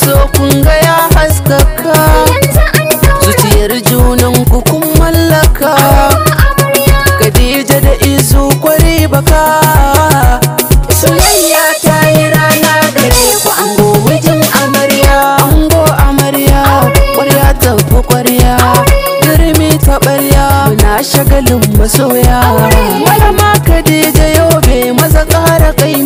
so kun ga ya haskaka zuciyar junan ku kun mallaka Khadija da izu kwari baka soyayya ta yi rana gare ku an mijin amarya ango amarya kwarya tafi kwarya girmi ta barya muna shagalin masoya wala ma Khadija yobe maza kara kai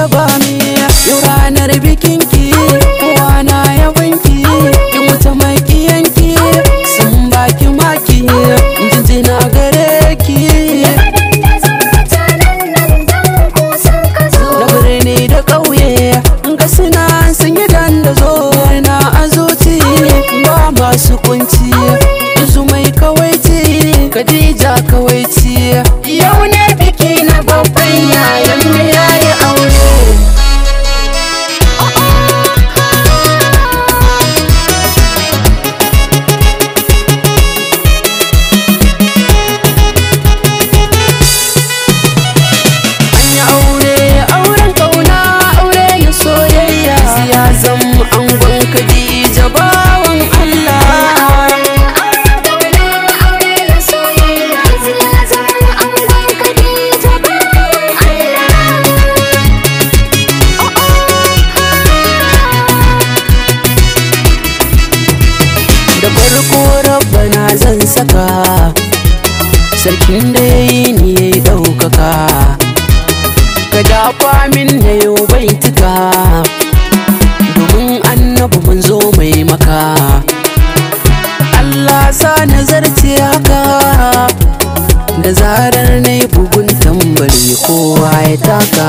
raba yau ranar bikin ki kowa na ki in wuta makiyan ki sun baki maki jinjina gare ki da birni da ƙauye ga suna sun yi dandazo na a ba masu kunci izu mai kawaici kadija kawaici sarkin da ya yi ni ya yi ɗaukaka ka dafa min ya yi tuka domin annabu mun zo mai maka Allah sa nazarci haka da zarar na yi bugun tambari kowa ya taka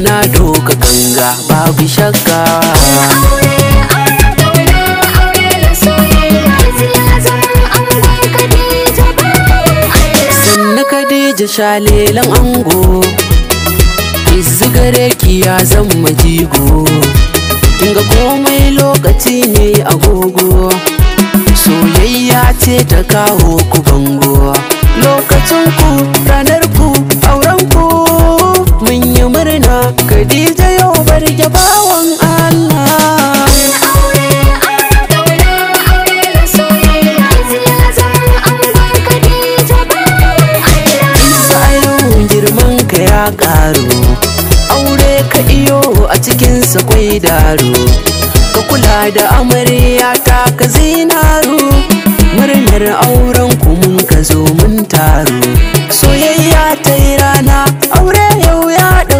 na doka ganga babu shakka ji shalelan ango izigare ki ya ma jigo kinga komai lokaci ne agogo soyayya ce ta kawo ku bango lokacin ku ranar ku karo aure ka iyo a cikin kwai daru ka kula da amarya ta ka zinaru murnar auren ku mun ka zo mun taru soyayya ta yi rana aure yau ya ɗau